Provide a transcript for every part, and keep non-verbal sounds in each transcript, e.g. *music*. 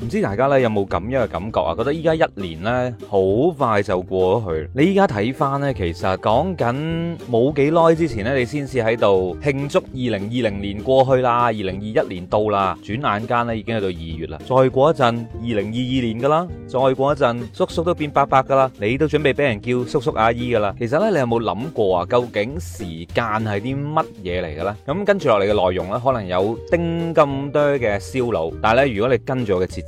唔知大家咧有冇咁樣嘅感覺啊？覺得依家一年呢，好快就過咗去。你依家睇翻呢，其實講緊冇幾耐之前呢，你先至喺度慶祝二零二零年過去啦，二零二一年到啦，轉眼間呢已經去到二月啦。再過一陣，二零二二年噶啦，再過一陣，叔叔都變伯伯噶啦，你都準備俾人叫叔叔阿姨噶啦。其實呢，你有冇諗過啊？究竟時間係啲乜嘢嚟嘅呢？咁跟住落嚟嘅內容呢，可能有丁咁多嘅燒腦，但係咧，如果你跟住我嘅節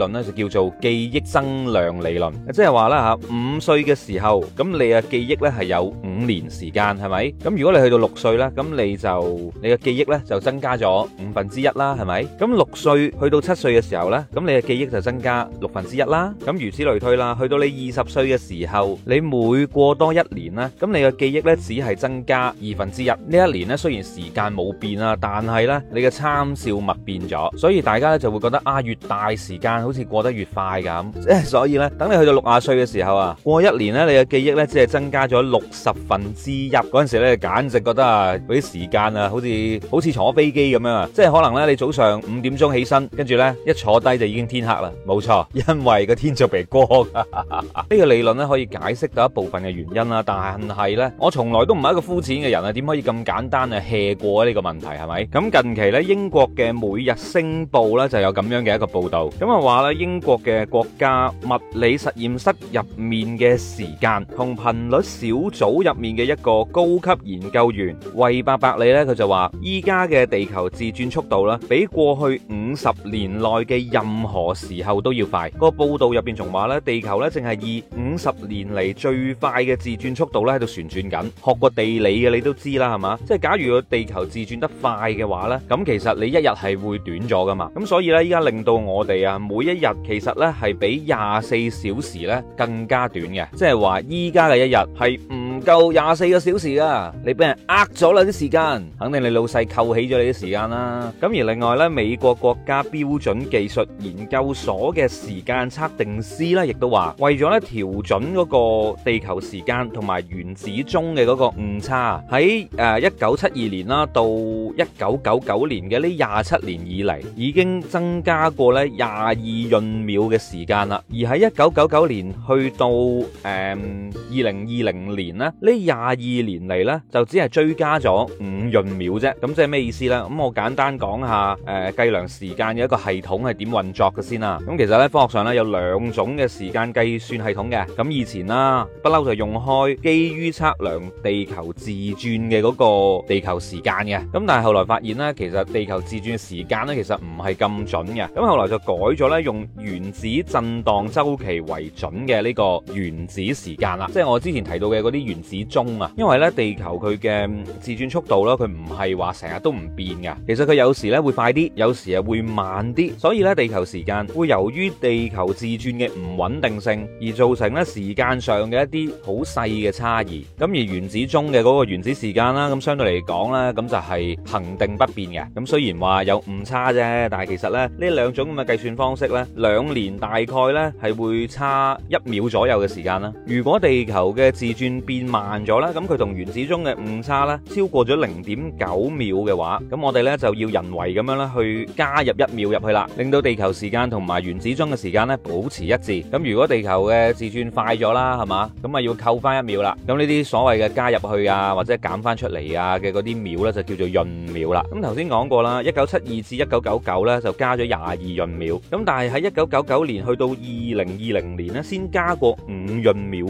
論咧就叫做記憶增量理論，即係話咧吓，五歲嘅時候，咁你嘅記憶咧係有五年時間，係咪？咁如果你去到六歲啦，咁你就你嘅記憶咧就增加咗五分之一啦，係咪？咁六歲去到七歲嘅時候咧，咁你嘅記憶就增加六分之一啦。咁如此類推啦，去到你二十歲嘅時候，你每過多一年咧，咁你嘅記憶咧只係增加二分之一。呢一年咧雖然時間冇變啦，但係咧你嘅參照物變咗，所以大家咧就會覺得啊，越大時間。好似過得越快咁，即係所以咧，等你去到六十歲嘅時候啊，過一年咧，你嘅記憶咧只係增加咗六十分之一，嗰陣時咧，簡直覺得啊，嗰啲時間啊，好似好似坐飛機咁樣啊，即係可能咧，你早上五點鐘起身，跟住咧一坐低就已經天黑啦，冇錯，因為個天就變光。呢 *laughs* 個理論咧可以解釋到一部分嘅原因啦，但係咧，我從來都唔係一個膚淺嘅人啊，點可以咁簡單啊 hea 過呢個問題係咪？咁近期咧，英國嘅每日星報咧就有咁樣嘅一個報道，咁啊話。英國嘅國家物理實驗室入面嘅時間同頻率小組入面嘅一個高級研究員維伯伯里咧，佢就話依家嘅地球自轉速度咧，比過去五十年內嘅任何時候都要快。個報道入邊仲話咧，地球咧淨係以五十年嚟最快嘅自轉速度咧喺度旋轉緊。學過地理嘅你都知啦，係嘛？即係假如個地球自轉得快嘅話咧，咁其實你一日係會短咗噶嘛？咁所以咧，依家令到我哋啊每一一日其實咧係比廿四小時咧更加短嘅，即係話依家嘅一日係。唔。夠廿四個小時噶，你俾人呃咗啦啲時間，肯定你老細扣起咗你啲時間啦。咁而另外咧，美國國家標準技術研究所嘅時間測定師咧，亦都話為咗咧調準嗰個地球時間同埋原子鐘嘅嗰個誤差，喺誒一九七二年啦，到一九九九年嘅呢廿七年以嚟，已經增加過咧廿二閏秒嘅時間啦。而喺一九九九年去到誒二零二零年咧。呢廿二年嚟呢，就只係追加咗五閏秒啫。咁即係咩意思呢？咁我簡單講下，誒、呃、計量時間嘅一個系統係點運作嘅先啦。咁其實呢，科學上呢，有兩種嘅時間計算系統嘅。咁以前啦，不嬲就用開基於測量地球自轉嘅嗰個地球時間嘅。咁但係後來發現呢，其實地球自轉時間呢，其實唔係咁準嘅。咁後來就改咗呢，用原子震盪周期為準嘅呢個原子時間啦。即係我之前提到嘅嗰啲原子鐘啊，因為咧地球佢嘅自轉速度啦，佢唔係話成日都唔變嘅。其實佢有時咧會快啲，有時啊會慢啲。所以咧地球時間會由於地球自轉嘅唔穩定性而造成咧時間上嘅一啲好細嘅差異。咁而原子鐘嘅嗰個原子時間啦，咁相對嚟講咧，咁就係恆定不變嘅。咁雖然話有誤差啫，但係其實咧呢兩種咁嘅計算方式咧，兩年大概咧係會差一秒左右嘅時間啦。如果地球嘅自轉變慢咗啦，咁佢同原子鐘嘅誤差咧超過咗零點九秒嘅話，咁我哋咧就要人為咁樣咧去加入一秒入去啦，令到地球時間同埋原子鐘嘅時間咧保持一致。咁如果地球嘅自轉快咗啦，係嘛，咁啊要扣翻一秒啦。咁呢啲所謂嘅加入去啊，或者減翻出嚟啊嘅嗰啲秒咧就叫做閏秒啦。咁頭先講過啦，一九七二至一九九九咧就加咗廿二閏秒，咁但係喺一九九九年去到二零二零年咧先加過五閏秒。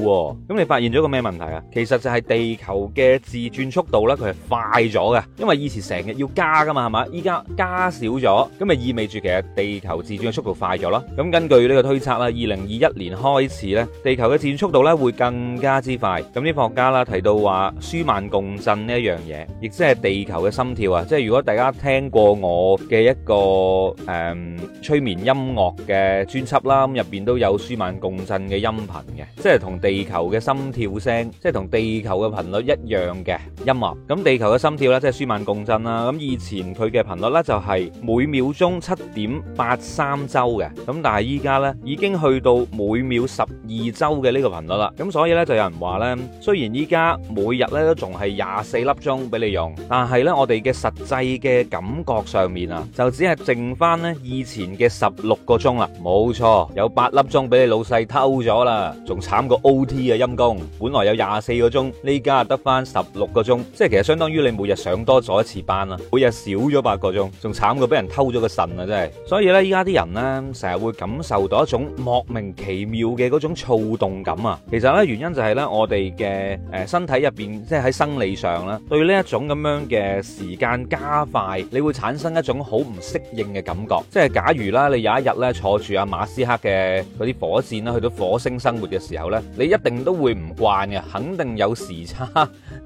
咁你發現咗個咩問題啊？其實就係地球嘅自轉速度咧，佢係快咗嘅，因為以前成日要加噶嘛，係嘛？依家加少咗，咁咪意味住其實地球自轉嘅速度快咗囉。咁根據呢個推測啦，二零二一年開始咧，地球嘅自轉速度咧會更加之快。咁啲科學家啦提到話舒曼共振呢一樣嘢，亦即係地球嘅心跳啊。即係如果大家聽過我嘅一個誒、嗯、催眠音樂嘅專輯啦，入邊都有舒曼共振嘅音頻嘅，即係同地球嘅心跳聲，即係同，同地球嘅頻率一樣嘅音樂，咁地球嘅心跳咧即係舒曼共振啦。咁以前佢嘅頻率咧就係每秒鐘七點八三周嘅，咁但係依家咧已經去到每秒十二周嘅呢個頻率啦。咁所以咧就有人話咧，雖然依家每日咧都仲係廿四粒鐘俾你用，但係咧我哋嘅實際嘅感覺上面啊，就只係剩翻咧以前嘅十六個鐘啦。冇錯，有八粒鐘俾你老細偷咗啦，仲慘過 OT 啊陰功，本來有廿四。四個鐘，呢家得返十六個鐘，即係其實相當於你每日上多咗一次班啦，每日少咗八個鐘，仲慘過俾人偷咗個腎啊！真係，所以呢，依家啲人呢，成日會感受到一種莫名其妙嘅嗰種躁動感啊。其實呢，原因就係呢，我哋嘅誒身體入邊，即係喺生理上咧，對呢一種咁樣嘅時間加快，你會產生一種好唔適應嘅感覺。即係假如啦，你有一日咧坐住阿馬斯克嘅嗰啲火箭啦，去到火星生活嘅時候呢，你一定都會唔慣嘅，肯。肯定有時差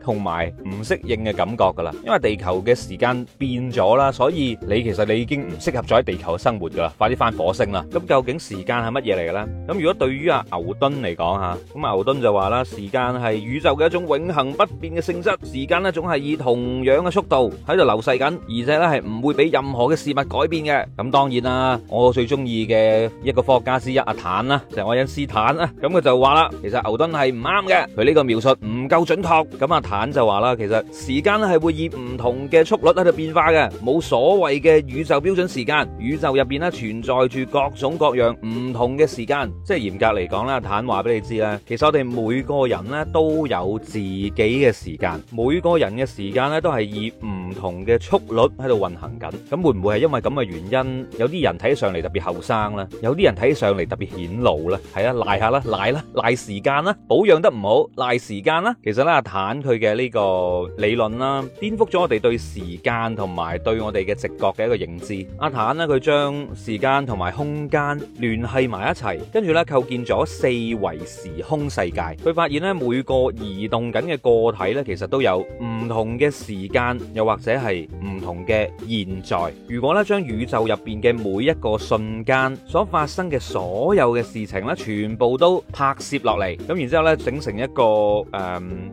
同埋唔適應嘅感覺噶啦，因為地球嘅時間變咗啦，所以你其實你已經唔適合再喺地球生活噶啦，快啲返火星啦！咁究竟時間係乜嘢嚟嘅咧？咁如果對於阿牛頓嚟講吓，咁牛頓就話啦，時間係宇宙嘅一種永恆不變嘅性質，時間咧總係以同樣嘅速度喺度流逝緊，而且咧係唔會俾任何嘅事物改變嘅。咁當然啦，我最中意嘅一個科學家之一阿坦啦，就係愛因斯坦啦，咁佢就話啦，其實牛頓係唔啱嘅，佢呢個秒描述唔夠準確，咁、啊、阿坦就話啦，其實時間咧係會以唔同嘅速率喺度變化嘅，冇所謂嘅宇宙標準時間。宇宙入邊咧存在住各種各樣唔同嘅時間，即係嚴格嚟講咧，坦話俾你知啦。其實我哋每個人咧都有自己嘅時間，每個人嘅時間咧都係以唔同嘅速率喺度運行緊。咁會唔會係因為咁嘅原因，有啲人睇上嚟特別後生啦，有啲人睇上嚟特別顯老啦，係啊，賴下啦，賴啦，賴時間啦，保養得唔好，賴。時間啦，其實咧，阿坦佢嘅呢個理論啦，顛覆咗我哋對時間同埋對我哋嘅直覺嘅一個認知。阿坦呢，佢將時間同埋空間聯繫埋一齊，跟住咧構建咗四維時空世界。佢發現咧每個移動緊嘅個體咧，其實都有唔同嘅時間，又或者係唔同嘅現在。如果咧將宇宙入邊嘅每一個瞬間所發生嘅所有嘅事情咧，全部都拍攝落嚟，咁然之後咧整成一個。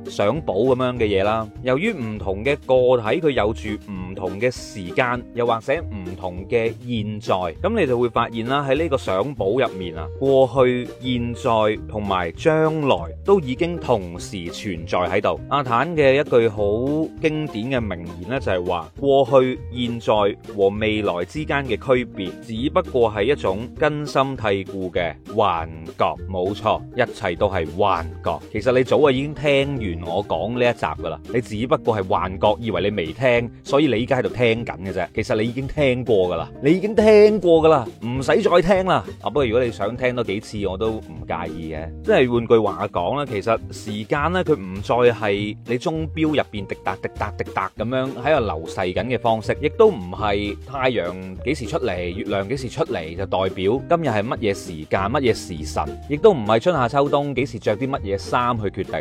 誒，相簿咁樣嘅嘢啦。由於唔同嘅個體，佢有住唔同嘅時間，又或者唔同嘅現在，咁你就會發現啦，喺呢個相簿入面啊，過去、現在同埋將來都已經同時存在喺度。阿坦嘅一句好經典嘅名言呢，就係話，過去、現在和未來之間嘅區別，只不過係一種根深蒂固嘅幻覺。冇錯，一切都係幻覺。其實你早啊。已經聽完我講呢一集噶啦，你只不過係幻覺，以為你未聽，所以你依家喺度聽緊嘅啫。其實你已經聽過噶啦，你已經聽過噶啦，唔使再聽啦。啊，不過如果你想聽多幾次，我都唔介意嘅。即係換句話講啦，其實時間呢，佢唔再係你鐘表入邊滴答滴答滴答咁樣喺度流逝緊嘅方式，亦都唔係太陽幾時出嚟，月亮幾時出嚟就代表今日係乜嘢時間，乜嘢時辰，亦都唔係春夏秋冬幾時着啲乜嘢衫去決定。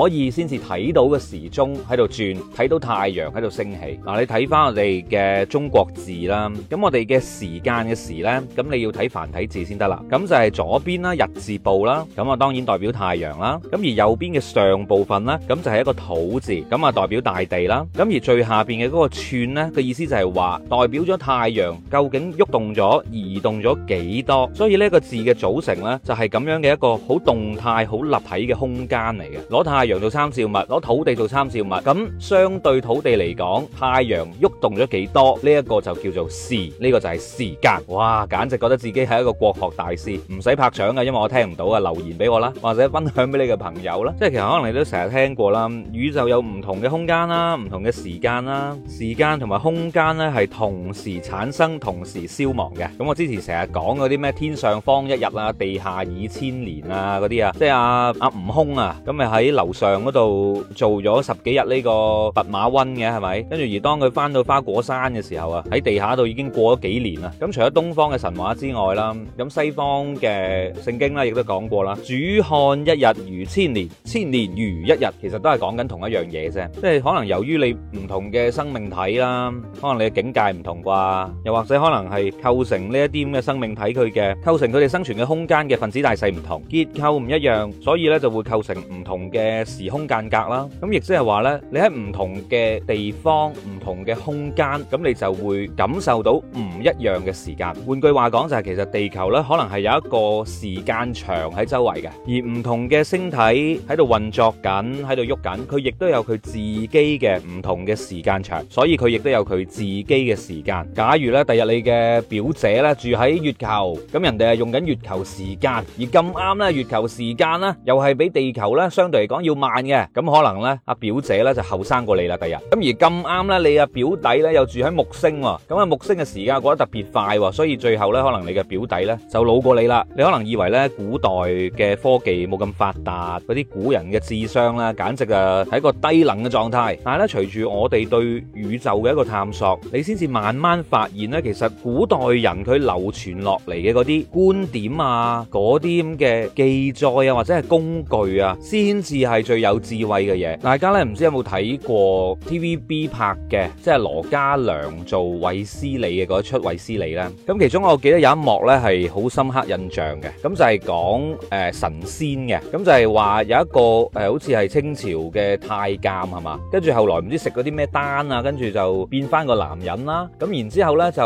可以先至睇到個時鐘喺度轉，睇到太陽喺度升起。嗱、啊，你睇翻我哋嘅中國字啦，咁我哋嘅時間嘅時呢，咁你要睇繁體字先得啦。咁就係左邊啦，日字部啦，咁啊當然代表太陽啦。咁而右邊嘅上部分呢，咁就係一個土字，咁啊代表大地啦。咁而最下邊嘅嗰個寸呢，嘅意思就係話，代表咗太陽究竟喐動咗、移動咗幾多。所以呢個字嘅組成呢，就係、是、咁樣嘅一個好動態、好立體嘅空間嚟嘅，攞太做參照物，攞土地做參照物，咁相對土地嚟講，太陽喐動咗幾多？呢一個就叫做時，呢個就係時間。哇，簡直覺得自己係一個國學大師唔使拍掌嘅，因為我聽唔到啊，留言俾我啦，或者分享俾你嘅朋友啦。即係其實可能你都成日聽過啦，宇宙有唔同嘅空間啦，唔同嘅時間啦，時間同埋空間咧係同時產生、同時消亡嘅。咁我之前成日講嗰啲咩天上方一日啊，地下二千年啊嗰啲啊，即係阿阿悟空啊，咁咪喺流。上嗰度做咗十幾日呢個弼馬温嘅係咪？跟住而當佢翻到花果山嘅時候啊，喺地下度已經過咗幾年啦。咁除咗東方嘅神話之外啦，咁西方嘅聖經啦亦都講過啦，主看一日如千年，千年如一日，其實都係講緊同一樣嘢啫。即係可能由於你唔同嘅生命體啦，可能你嘅境界唔同啩，又或者可能係構成呢一啲咁嘅生命體佢嘅構成佢哋生存嘅空間嘅分子大細唔同，結構唔一樣，所以呢就會構成唔同嘅嘅時空間隔啦，咁亦即係話呢，你喺唔同嘅地方、唔同嘅空間，咁你就會感受到唔一樣嘅時間。換句話講，就係其實地球呢，可能係有一個時間長喺周圍嘅，而唔同嘅星體喺度運作緊，喺度喐緊，佢亦都有佢自己嘅唔同嘅時間長，所以佢亦都有佢自己嘅時間。假如呢，第日你嘅表姐呢，住喺月球，咁人哋係用緊月球時間，而咁啱呢，月球時間呢，又係比地球呢，相對嚟講要要慢嘅，咁可能咧，阿表姐咧就後生過你啦，第日。咁而咁啱咧，你啊表弟咧又住喺木星咁啊、哦、木星嘅時間過得特別快，哦、所以最後咧可能你嘅表弟咧就老過你啦。你可能以為咧古代嘅科技冇咁發達，嗰啲古人嘅智商咧簡直啊係一個低能嘅狀態。但係咧隨住我哋對宇宙嘅一個探索，你先至慢慢發現咧，其實古代人佢流傳落嚟嘅嗰啲觀點啊，嗰啲咁嘅記載啊，或者係工具啊，先至係。最有智慧嘅嘢，大家咧唔知有冇睇過 TVB 拍嘅，即係羅家良做韋斯理嘅嗰一出韋斯理咧。咁其中我記得有一幕咧係好深刻印象嘅，咁就係講誒神仙嘅，咁就係話有一個誒好似係清朝嘅太監係嘛，跟住後來唔知食嗰啲咩丹啊，跟住就變翻個男人啦。咁然之後咧就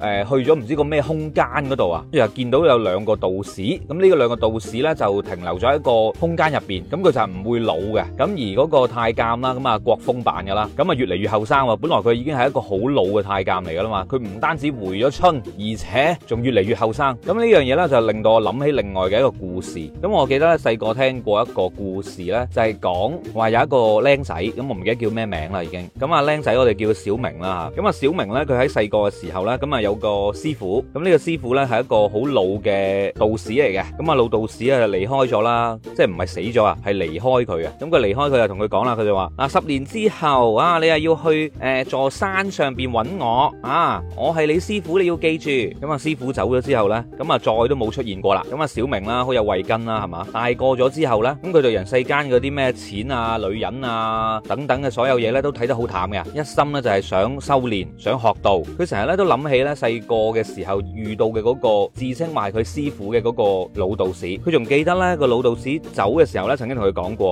誒去咗唔知個咩空間嗰度啊，跟住又見到有兩個道士，咁呢個兩個道士咧就停留咗一個空間入邊，咁佢就唔會。會老嘅，咁而嗰個太監啦，咁啊郭峰扮噶啦，咁啊越嚟越後生喎。本來佢已經係一個好老嘅太監嚟噶啦嘛，佢唔單止回咗春，而且仲越嚟越後生。咁呢樣嘢咧就令到我諗起另外嘅一個故事。咁我記得咧細個聽過一個故事咧，就係講話有一個僆仔，咁我唔記得叫咩名啦已經。咁啊僆仔我哋叫小明啦吓。咁啊小明咧佢喺細個嘅時候咧，咁啊有個師傅，咁呢個師傅咧係一個好老嘅道士嚟嘅。咁啊老道士啊就離開咗啦，即係唔係死咗啊，係離開。佢嘅，咁佢離開佢就同佢講啦，佢就話：嗱，十年之後啊，你啊要去誒座山上邊揾我啊，我係你師傅，你要記住。咁啊，師傅走咗之後咧，咁啊再都冇出現過啦。咁啊，小明啦，好有慧根啦，係嘛？大個咗之後咧，咁佢就人世間嗰啲咩錢啊、女人啊等等嘅所有嘢咧，都睇得好淡嘅，一心咧就係想修煉、想學道。佢成日咧都諗起咧細個嘅時候遇到嘅嗰個自稱埋佢師傅嘅嗰個老道士，佢仲記得咧個老道士走嘅時候咧，曾經同佢講過。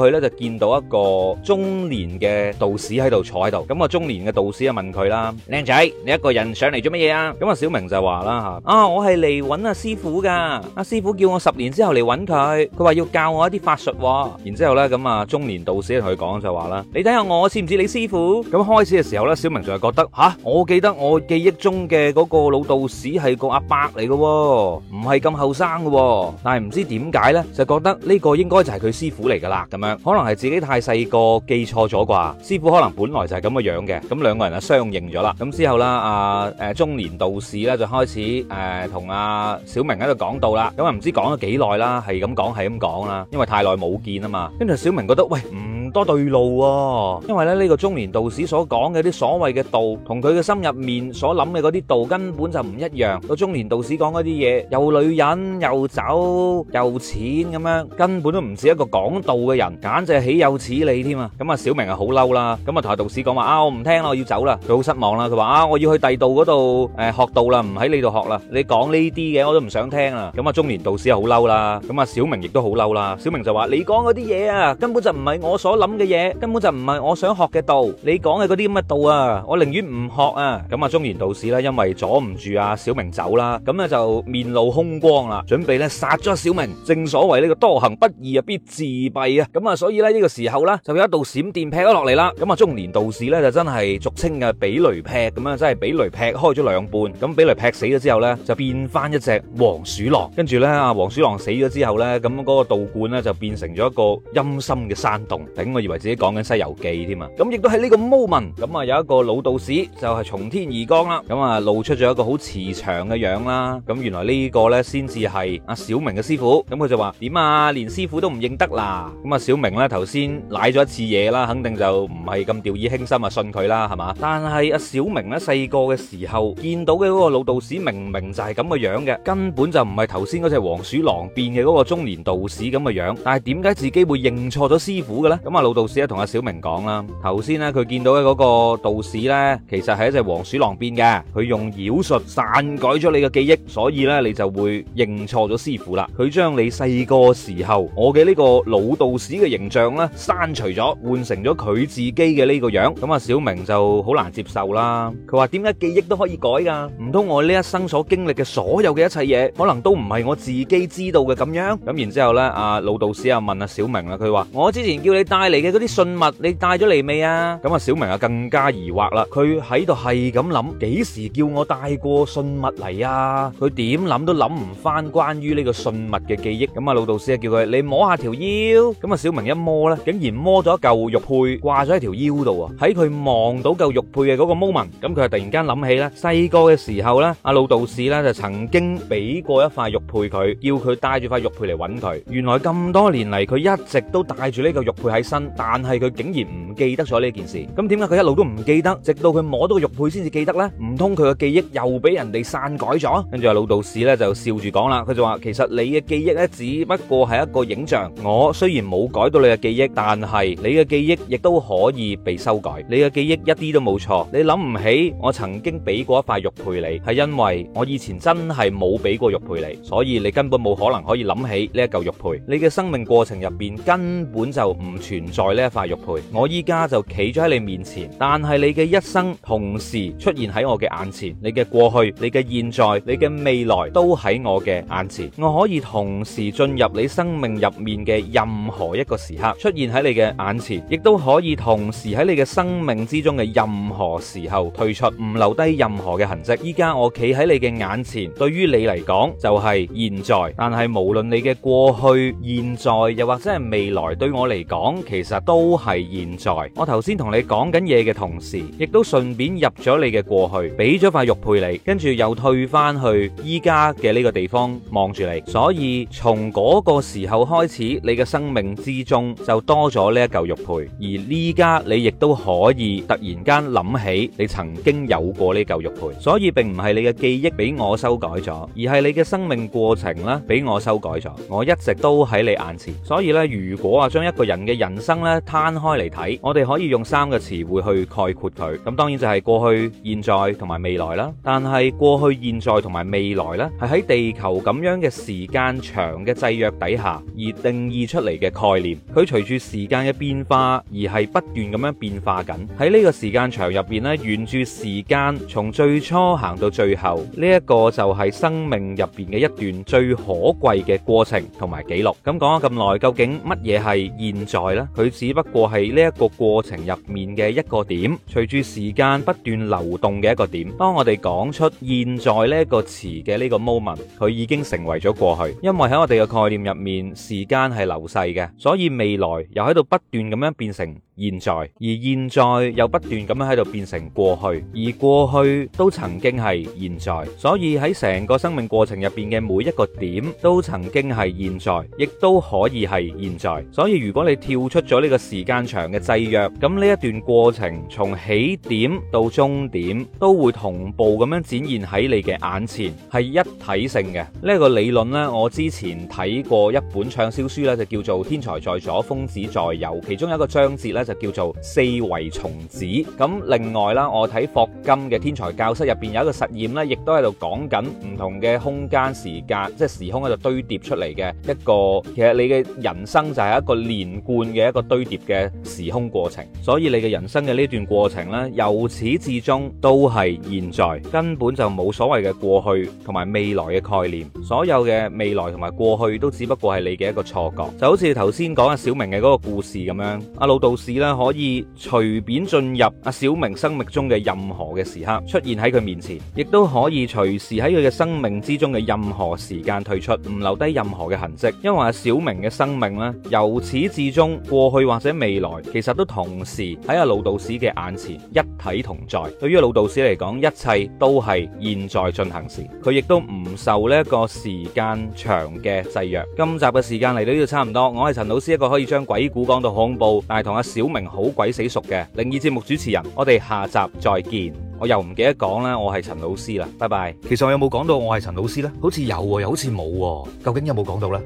佢咧就見到一個中年嘅道士喺度坐喺度，咁啊中年嘅道士啊問佢啦：靚仔，你一個人上嚟做乜嘢啊？咁啊小明就話啦嚇：啊，我係嚟揾阿師傅㗎，阿師傅叫我十年之後嚟揾佢，佢話要教我一啲法術喎。然之後咧，咁啊中年道士同佢講就話啦：你睇下我似唔似你師傅？咁開始嘅時候咧，小明就係覺得嚇，我記得我記憶中嘅嗰個老道士係個阿伯嚟嘅，唔係咁後生嘅，但係唔知點解咧，就覺得呢個應該就係佢師傅嚟㗎啦咁樣。可能係自己太細個記錯咗啩，師傅可能本來就係咁嘅樣嘅，咁兩個人啊相認咗啦。咁之後啦，阿、啊、誒中年道士咧就開始誒同阿小明喺度講道啦，咁啊唔知講咗幾耐啦，係咁講係咁講啦，因為太耐冇見啊嘛。跟住小明覺得喂唔。多對路喎，因為咧呢個中年道士所講嘅啲所謂嘅道，同佢嘅心入面所諗嘅嗰啲道根本就唔一樣。個中年道士講嗰啲嘢又女人又酒又錢咁樣，根本都唔似一個講道嘅人，簡直係豈有此理添啊！咁啊，小明啊好嬲啦，咁啊同阿道士講話啊，我唔聽啦，我要走啦，佢好失望啦，佢話啊，我要去第道嗰度誒學道啦，唔喺呢度學啦，你講呢啲嘅我都唔想聽啦。咁啊，中年道士又好嬲啦，咁啊小明亦都好嬲啦。小明就話你講嗰啲嘢啊，根本就唔係我所諗嘅嘢，根本就唔係我想學嘅道，你講嘅嗰啲咁嘅道啊，我寧願唔學啊。咁啊，中年道士咧，因為阻唔住阿小明走啦，咁咧就面露凶光啦，準備咧殺咗小明。正所謂呢個多行不義啊，必自斃啊。咁啊，所以咧呢個時候咧，就有一道閃電劈咗落嚟啦。咁啊，中年道士咧就真係俗稱嘅，俾雷劈咁樣，真係俾雷劈開咗兩半。咁俾雷劈死咗之後咧，就變翻一隻黃鼠狼。跟住咧，阿黃鼠狼死咗之後咧，咁嗰個道觀咧就變成咗一個陰森嘅山洞。我以為自己講緊《西遊記》添啊！咁亦都喺呢個 moment，咁啊有一個老道士就係從天而降啦，咁啊露出咗一個好慈祥嘅樣啦。咁原來呢個呢，先至係阿小明嘅師傅，咁佢就話：點啊，連師傅都唔認得啦！咁啊，小明呢，頭先瀨咗一次嘢啦，肯定就唔係咁掉以輕心啊，信佢啦，係嘛？但係阿小明呢，細個嘅時候，見到嘅嗰個老道士，明明就係咁嘅樣嘅，根本就唔係頭先嗰隻黃鼠狼變嘅嗰個中年道士咁嘅樣。但係點解自己會認錯咗師傅嘅呢？咁啊？老道士咧，同阿小明講啦，頭先咧佢見到嘅嗰個道士呢，其實係一隻黃鼠狼變嘅，佢用妖術篡改咗你嘅記憶，所以呢你就會認錯咗師傅啦。佢將你細個時候我嘅呢個老道士嘅形象呢刪除咗，換成咗佢自己嘅呢個樣。咁啊，小明就好難接受啦。佢話，點解記憶都可以改㗎？唔通我呢一生所經歷嘅所有嘅一切嘢，可能都唔係我自己知道嘅咁樣？咁然之後呢，阿老道士啊問阿小明啦，佢話我之前叫你帶嚟嘅嗰啲信物，你帶咗嚟未啊？咁啊，小明啊更加疑惑啦。佢喺度係咁諗，幾時叫我帶過信物嚟啊？佢點諗都諗唔翻關於呢個信物嘅記憶。咁啊，老道士啊叫佢，你摸下條腰。咁啊，小明一摸咧，竟然摸咗一嚿玉佩掛咗喺條腰度啊！喺佢望到嚿玉佩嘅嗰個 moment，咁佢啊突然間諗起咧，細個嘅時候咧，阿老道士咧就曾經俾過一塊玉佩佢，要佢帶住塊玉佩嚟搵佢。原來咁多年嚟，佢一直都帶住呢個玉佩喺身。但係佢竟然唔記得咗呢件事，咁點解佢一路都唔記得？直到佢摸到個玉佩先至記得咧，唔通佢嘅記憶又俾人哋篡改咗？跟住阿老道士咧就笑住講啦，佢就話：其實你嘅記憶咧只不過係一個影像，我雖然冇改到你嘅記憶，但係你嘅記憶亦都可以被修改。你嘅記憶一啲都冇錯，你諗唔起我曾經俾過一塊玉佩你，係因為我以前真係冇俾過玉佩你，所以你根本冇可能可以諗起呢一嚿玉佩。你嘅生命過程入邊根本就唔存。在呢一塊玉佩，我依家就企咗喺你面前，但係你嘅一生同時出現喺我嘅眼前，你嘅過去、你嘅現在、你嘅未來都喺我嘅眼前。我可以同時進入你生命入面嘅任何一個時刻，出現喺你嘅眼前，亦都可以同時喺你嘅生命之中嘅任何時候退出，唔留低任何嘅痕跡。依家我企喺你嘅眼前，對於你嚟講就係現在，但係無論你嘅過去、現在又或者係未來，對我嚟講，其實都係現在，我頭先同你講緊嘢嘅同時，亦都順便入咗你嘅過去，俾咗塊玉佩你，跟住又退翻去依家嘅呢個地方望住你。所以從嗰個時候開始，你嘅生命之中就多咗呢一嚿玉佩。而呢家你亦都可以突然間諗起你曾經有過呢嚿玉佩。所以並唔係你嘅記憶俾我修改咗，而係你嘅生命過程咧俾我修改咗。我一直都喺你眼前。所以咧，如果啊將一個人嘅人生咧攤開嚟睇，我哋可以用三個詞彙去概括佢。咁當然就係過去、現在同埋未來啦。但係過去、現在同埋未來咧，係喺地球咁樣嘅時間長嘅制約底下而定義出嚟嘅概念。佢隨住時間嘅變化而係不斷咁樣變化緊。喺呢個時間長入邊咧，沿住時間從最初行到最後，呢一個就係生命入邊嘅一段最可貴嘅過程同埋記錄。咁講咗咁耐，究竟乜嘢係現在咧？佢只不過係呢一個過程入面嘅一個點，隨住時間不斷流動嘅一個點。當我哋講出現在呢一個詞嘅呢個 moment，佢已經成為咗過去。因為喺我哋嘅概念入面，時間係流逝嘅，所以未來又喺度不斷咁樣變成現在，而現在又不斷咁樣喺度變成過去，而過去都曾經係現在。所以喺成個生命過程入邊嘅每一個點，都曾經係現在，亦都可以係現在。所以如果你跳出，咗呢個時間長嘅制約，咁呢一段過程從起點到終點都會同步咁樣展現喺你嘅眼前，係一體性嘅。呢、這、一個理論呢，我之前睇過一本暢銷書呢就叫做《天才在左，瘋子在右》，其中有一個章節呢，就叫做《四維蟲子》。咁另外啦，我睇霍金嘅《天才教室》入邊有一個實驗呢亦都喺度講緊唔同嘅空間時間，即係時空喺度堆疊出嚟嘅一個，其實你嘅人生就係一個連貫嘅。一個堆疊嘅時空過程，所以你嘅人生嘅呢段過程咧，由始至終都係現在，根本就冇所謂嘅過去同埋未來嘅概念。所有嘅未來同埋過去都只不過係你嘅一個錯覺。就好似頭先講阿小明嘅嗰個故事咁樣，啊，阿老道士咧可以隨便進入阿小明生命中嘅任何嘅時刻，出現喺佢面前，亦都可以隨時喺佢嘅生命之中嘅任何時間退出，唔留低任何嘅痕跡，因為阿小明嘅生命咧，由始至終過去或者未來，其實都同時喺阿老道士嘅眼前一體同在。對於老道士嚟講，一切都係現在進行時。佢亦都唔受呢一個時間長嘅制約。今集嘅時間嚟到呢度差唔多，我係陳老師，一個可以將鬼故講到恐怖，但係同阿小明好鬼死熟嘅靈異節目主持人。我哋下集再見。我又唔記得講啦，我係陳老師啦，拜拜。其實我有冇講到我係陳老師呢？好似有，又好似冇。究竟有冇講到呢？